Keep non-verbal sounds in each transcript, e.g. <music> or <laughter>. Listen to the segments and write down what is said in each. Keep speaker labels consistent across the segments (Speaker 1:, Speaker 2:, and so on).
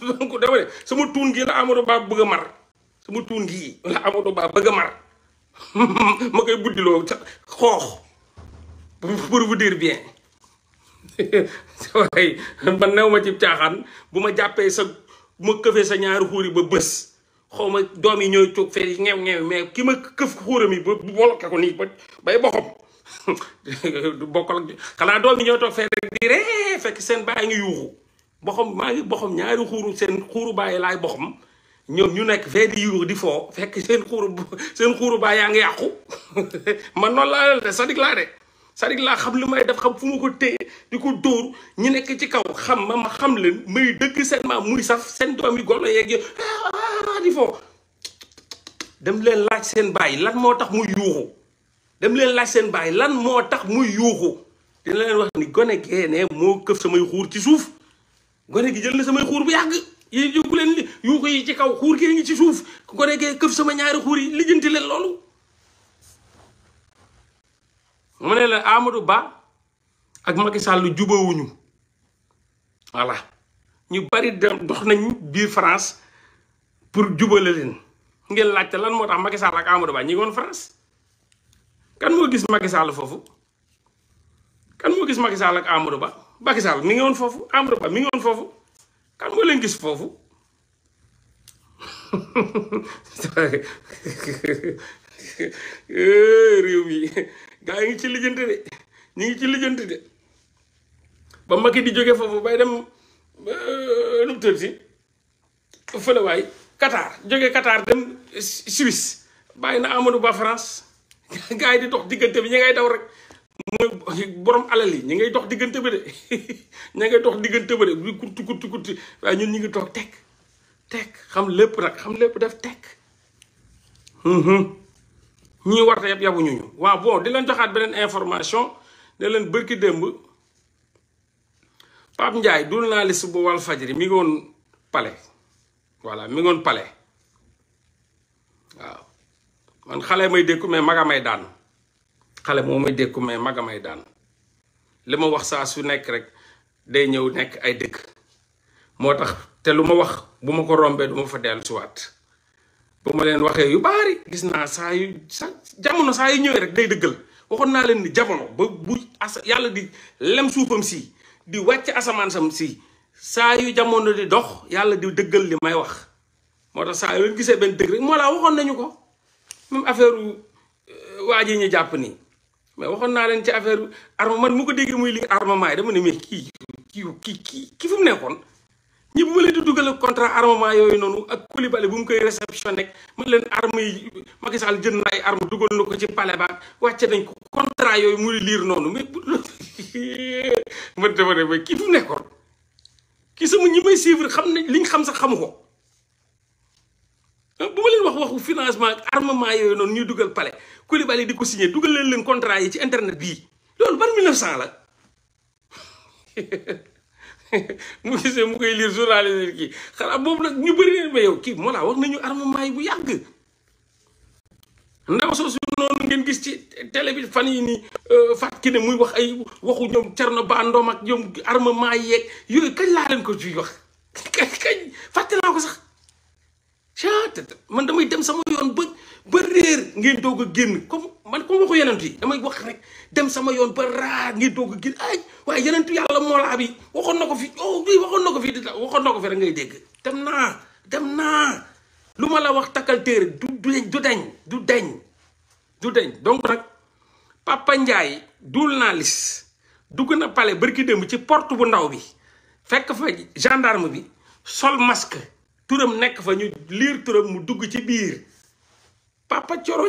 Speaker 1: donc dama ne sama tuun gi la Amadou Ba bëgg a mar sama tuun gii la Amadou Ba bëgg a mar <laughs> ma koy buddiloo xoox pour vous dire bien <laughs> waaye man new ma ci caaxaan bu ma jàppee sa bu ma këfee sa ñaari xuur yi ba bés xaw ma doom yi ñooy toog fee ñew ñew mais ki ma këf xuuram yi ba ko nii ba bay boxam <laughs> du xanaa doom yi ñooy fekk seen bàyyi ngi yuuxu boxom maa ngi boxom ñaari xuur seen xuuru baay laay boxom ñoom ñu nekk fee di di foo fekk seen xuuru seen xuuru bàyyi yaa ngi yàqu <laughs> man noonu laa sa sadik laa de sadik laa xam lu may def xam fu mu ko téye di ko dóor ñu nekk ci kaw xam ma xam leen may dëgg seen maam muy saf seen doom yi golo yeeg ah, di foo dem leen laaj seen bàyyi lan moo tax muy yuuxu dem leen laaj seen bàyyi lan moo tax muy yuuxu dina leen wax ni gone geenee moo këf samay xuur ci suuf gone ki jël na samay xuur bu yàgg yi leen li yu ko yi ci kaw xuur kee ngi ci suuf gone gee këf sama ñaari xuur yi lijjanti leen loolu mu ne la Amadou Ba ak Macky Sall jubawuñu voilà ñu bari dox nañ biir France pour jubale leen ngeen laajte lan moo tax Macky Sall ak Amadou Ba ñi ngi France kan moo gis Macky foofu kan moo gis Macky Sall ak Amadou Ba Macky Sall mi ngi woon foofu Amadou Ba mi ngi woon foofu kan nga leen gis foofu eh, réew mi gaa yi ngi ci lijjanti de ñu ngi ci lijjanti de ba Macky di jóge foofu bay dem nu eh, mu tëdd si fële waay Qatar jóge Qatar dem Suisse bàyyi na Amadou Ba France gaa yi di dox diggante bi ñu ngay daw rek mooy borom alal yi ñu ngay dox diggante bi de <laughs> ña ngay dox diggante ba de bu kurti kurti waaye ñun ñu ngi toog tekk tekk xam lépp nag xam lépp def tekk mhm. ñii warta yab yabu ñu ñu waaw bon di leen joxaat beneen information ne leen bërki démb Pape Ndiaye journaliste bu Walf Fadjri mi ngi woon pale voilà mi ngi woon Palais waaw man xale may dékku mais maga daan xale moo may dékku mais mag daan li ma wax saa su nekk rek day ñëw nekk ay dëkk moo tax te lu ma wax bu ma ko rombee du ma fa dellu siwaat bu ma leen waxee yu baari gis naa saa yu sa jamono saa yu ñëwee rek day dëggal waxoon naa leen ni jamono ba bu as yàlla di lem suufam si di wàcc asamaan sam si saa yu jamono di dox yàlla di dëggal li may wax moo tax saa yu gisee benn dëgg rek moo laa waxoon nañu ko même affaire euh, waa ji ñu jàpp nii mais waxoon naa leen ci affaire arme man mu ko déggee muy li armement yi dama ne mais kii kii kii kii fu mu nekkoon ñi bu ma leen di dugal contrat armement ak Koulibaly bu mu koy réception leen arme yi Macky Sall jënd na ay arme dugal na ko ci palais ba wàcce nañ ko contrat yooyu muy liir noonu mais <laughs> man dama ne mais kii fu mu nekkoon kii sa sama ñi may suivre xam ne liñ xam sax xamu ko waxu financement ak armement yooyu noonu ñuy dugal palais Koulibaly di ko signé dugal leen leen contrat yi ci internet bii loolu ban 1900 la <laughs> mu gisee mu koy lire journaliste ki xanaa boobu nag ñu bari leen ba yow kii moo laa wax nañu armement yi bu yàgg ndaw soosu noonu ngeen gis ci télé bi fan yi nii ki euh, Kiné muy wax ay waxu ñoom Thierno Ba Ndom ak ñoom armement yeeg yooyu kañ laa leen ko ciy wax <laughs> kañ kañ fàtte naa ko sax caatat man damay dem sama yoon ba ba réer ngeen doog a génn comme man comme waxu yenentu yi damay wax rek dem sama yoon ba raar ngeen doog a génn ay waaye yenentu yàlla moolaa bi waxoon na ko fi oh, waxoon na ko fi waxoon na ko fi rek ngay dem naa dem naa lu ma la wax takkal téere du du dañ du deñ du dañ donc nag Papa naa lis dugg na pale palais barki démb ci porte bu ndaw bi fekk fa gendarme bi sol masque turam nekk fa ñu liir turam mu dugg ci biir Papa Coro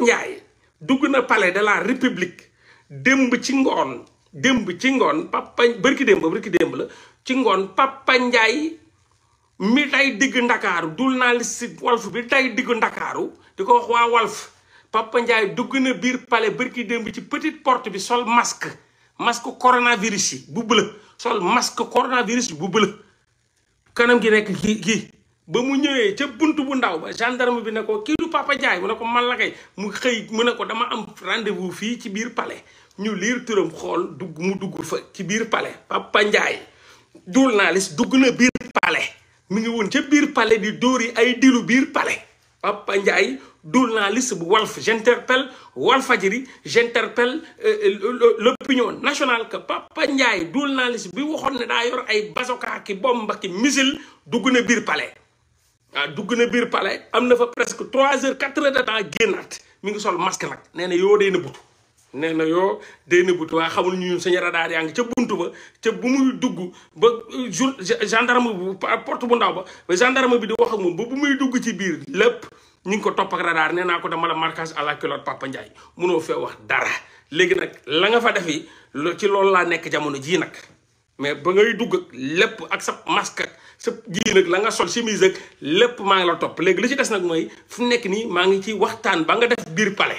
Speaker 1: dugg na palais de la république démb ci ngoon ci ngoon papa bërki démb bërki démb la ci ngoon Papa mi day digg ndakaaru journaliste Walf bi day ndakaaru di ko wax waa Walf Papa Ndiaye dugg na biir palais bërki démb ci petite porte bi sol masque masque coronavirus yi bu bëla sol masque coronavirus yi bu bëla kanam gi nekk gi kii ba mu ñëwee ca bunt bu ndaw ba gendarme bi ne ko kii du Papa Ndiaye mu ne ko man la mu xëy mu ne ko dama am rendez-vous fii ci biir pale ñu liir turam xool dugg mu dugg fa ci biir palais Papa Ndiaye journaliste dugg na biir palais ngi woon ca biir palais di dóori ay dilu biir palais Papa Ndiaye journaliste bu Walf j'interpelle Walfadjri j'interpelle euh, euh, l'opinion nationale que dul Ndiaye journaliste bi waxoon ne daa yor ay bazooka ki bomba ki missile dugg na biir pale ah dugg na biir palais am na fa presque trois heures quatre heures de temps génnaat mi ngi sol masque nag nee na yoo dee na butu nee na yoo dee na butu waa xamul ñu ñun suñu radar yaa ngi ca buntu ba ca bu muy dugg ba jour gendarme bu porte bu ndaw ba ba gendarme bi di wax ak moom bu muy dugg ci biir lépp ñu ngi ko topp ak radar nee naa ko dama la marquage à la culotte Papa Ndiaye munoo fee wax dara léegi nag la nga fa defi ci loolu laa nekk jamono jii nag mais ba ngay dugg lépp ak sa masque. sa ji nag la nga sol chemise ak lépp maa ngi la topp léegi li ci des nag mooy fu nekk nii maa ngi ci waxtaan ba nga def biir pale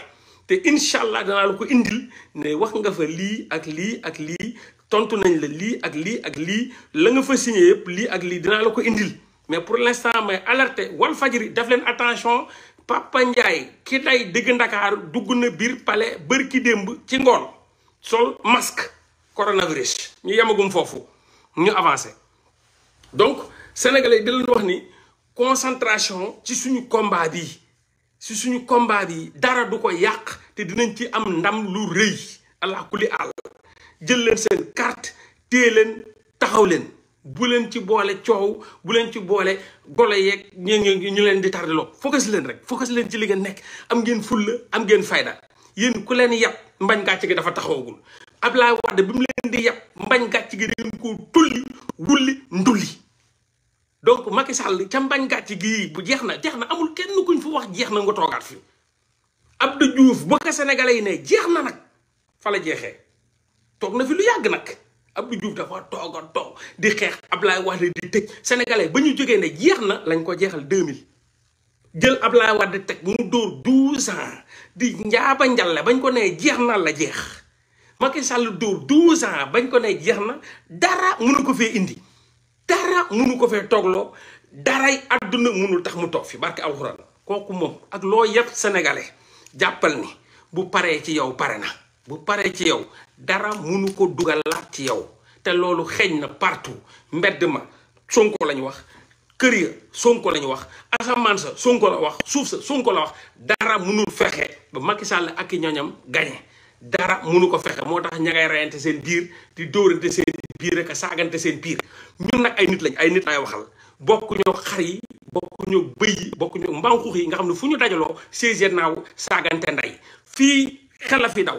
Speaker 1: te incha allah danaa la ko indil ne wax nga fa lii ak lii ak lii tontu nañ la lii ak lii ak lii la nga fa signé yëpp lii ak lii dinaa la ko indil mais pour l' instant may alerté wal fajiri def leen attention Papa Ndiaye ki day dégg Ndakaaru dugg na biir pale bër ki démb ci ngoon sol masque coronavirus ñu yemagum foofu ñu avancé sénégalais yi di leen wax ni concentration ci suñu combat bi ci suñu combat bi dara du ko yàq te dinañ ci am ndam lu rëy allah kulli àll jël leen seen carte téye leen taxaw leen bu leen ci boole coow bu leen ci boole golo yeeg ñu ñu leen di tardiloo focus leen rek focus leen ci li ngeen nekk am ngeen fulla am geen fayda yéen ku leen yàpp mbañ gàcc gi dafa taxawagul Ablaye Wade bi mu leen di yàpp mbañ gàcc gi dañ ko tulli wulli ndulli topp Macky Sall ca mbañ gàcc gii bu jeex na jeex na amul kenn ñu fu wax jeex na nga toogaat fi Abdou Diouf ba ko sénégalais yi ne jeex na nag fa la jeexee toog na fi lu yàgg nag Abdou Diouf dafa toog a toog di xeex Ablaye Wade di tëj sénégalais ba ñu jógee ne jeex na lañ ko jeexal 2000 jël Ablaye Wade teg mu dóor 12 ans di njaaba njalle bañ ko nee jeex na la jeex Macky Sall dóor 12 ans bañ ko nee jeex na dara mënu ko fee indi. dara munu ko fee toogloo daray àdduna munul tax mu toog fi barke alxuraan kooku moom ak loo yëpp sénégalais jàppal ni bu paree ci yow pare na bu paree ci yow dara munu ko dugalaat ci yow te loolu xeeñ na partout mbedd ma sonko lañu wax kër ya sonko lañu wax asamaan sa sonko la wax suuf sa sonko la wax dara munul fexe ba Macky Sall ak i ñoñam gañe dara munu ko fexe moo tax ña ngay reyante seen biir di dóorante seen biir ak saagante seen biir ñun nag ay nit lañ ay nit laay waxal bokk ñoo xar yi bokk ñoo bëy yi bokk ñoo mbanqux yi nga xam ne fu ñu dajaloo séegé naaw saagante nday fii xel a fi daw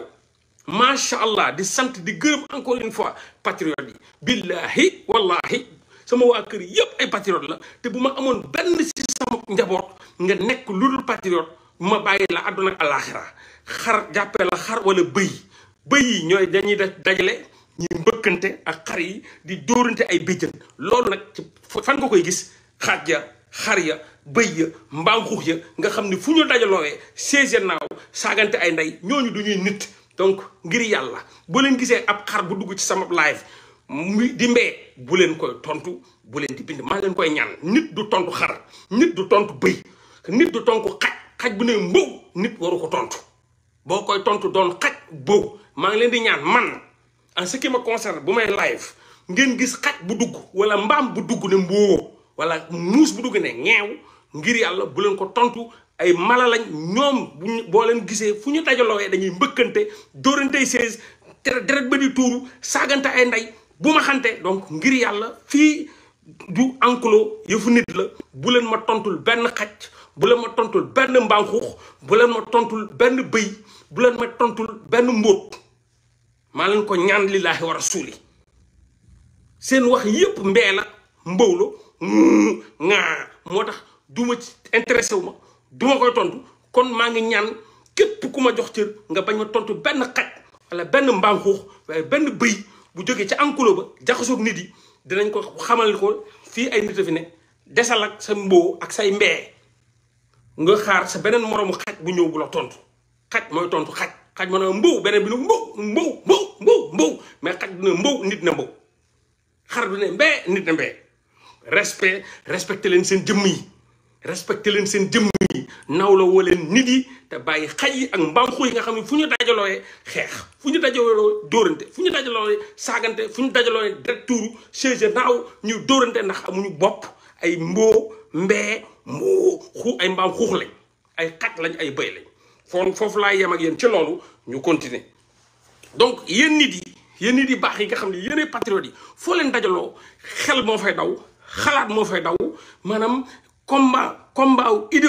Speaker 1: macha allah di sant di gërëm encore une fois patriote yi billahi wallahi sama waa kër yépp ay patriote la te bu ma amoon benn ci sama njaboot nga nekk lu dul patriote ma bàyyi la àdduna ak alaaxira xar jàppee la xar wala bëy bëy yi ñooy dañuy dajale ñi mbëkkante ak xar yi di dóorante ay béjjën loolu nag fan nga koy gis xaaj ya xar ya bëy ya mbaam ya nga xam ni fu ñu dajaloowee séese naaw saagante ay ndey ñooñu du ñuy nit donc ngir yàlla bu leen gisee ab xar bu dugg ci sama live mu di mbee bu leen koy tontu bu leen di bind maa leen koy ñaan nit du tontu xar nit du tontu bëy nit du tontu xaj xaj bu ne mbow nit waru ko tontu boo koy tontu doon xaj boo maa ngi leen di ñaan man en ce qui me concerne bu may live ngeen gis xaj bu dugg wala mbaam bu dugg ne mboo wala muus bu dugg ne ñeew ngir yàlla bu leen ko tontu ay mala lañ ñoom bu boo leen gisee fu ñu dajaloo dañuy mbëkkante dóorantey seize deret ba di tuuru saagante ay ndey bu ma xante donc ngir yàlla fii du enclos yëfu nit la bu leen ma tontul benn xaj bu leen ma tontul benn mbànquux bu leen ma tontul benn bëy bu leen ma tontul benn mbóot maa leen ko ñaan war a rasuuli seen wax yépp mbee la mbow la mm, ŋaa moo tax duma ci intéressé wu ma duma koy tontu kon maa ngi ñaan képp ku ma jox cër nga bañ ma tontu benn xaj wala benn mbanxuux waaye benn bëy bu jógee ca ankulo ba jaxasoog nit yi dinañ ko xamal ko fii ay nit a fi ne desal ak sa mbóo ak say mbee nga xaar sa beneen moroomu xaj bu ñëw bu la tontu xaj mooy tontu xaj xaj ma na mbow beneen bi ne mbow mbow mbow mbow mbow mais xaj du mbow nit na mbow xar du ne mbee nit na mbee respect respecté leen seen jëmm yi respecté leen seen jëmm naw la leen nit yi te bàyyi xaj yi ak mbaam yi nga xam ne fu ñu dajalooyee fu ñu dajaloo dóorante fu ñu dajalooyee saagante fu ñu dajalooyee deret tuuru chaise naaw ñu dóorante ndax amuñu bopp ay mboo mbee mboo ay mbaam xuux lañ ay xaj lañ ay bëy lañ fon foofu laa yem ak yéen ci loolu ñu continuer donc yéen nit yi yéen nit yi baax yi nga xam ne yéenay patriotes yi foo leen dajaloo xel moo fay daw xalaat moo fay daw maanaam combat combat